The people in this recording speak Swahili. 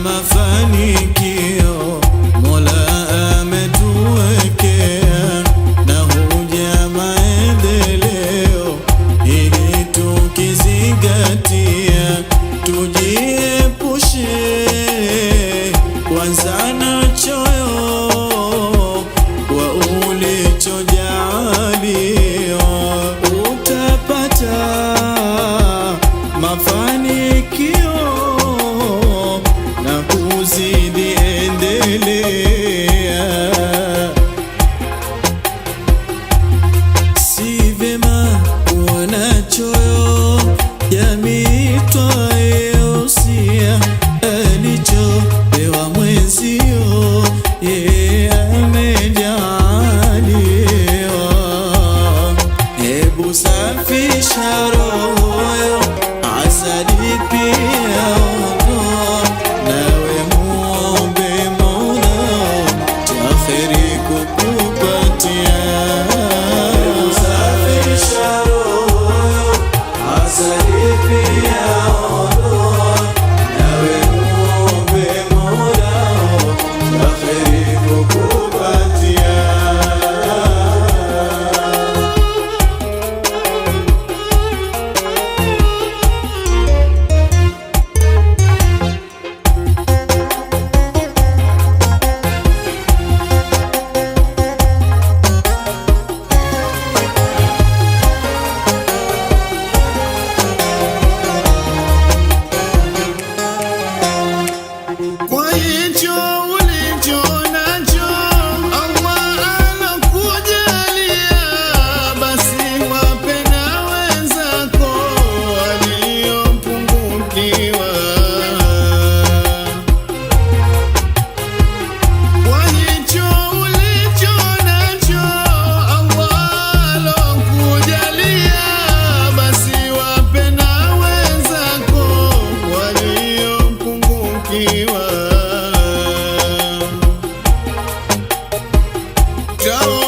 mafanikio Mola na huja maendeleo, tukizingatia tujiepushe kwanza utapata atoe usia alichopewa safisha roho kuzaliwa ulicho nacho Allah alokujalia, basi wenzako waliopungukiwa.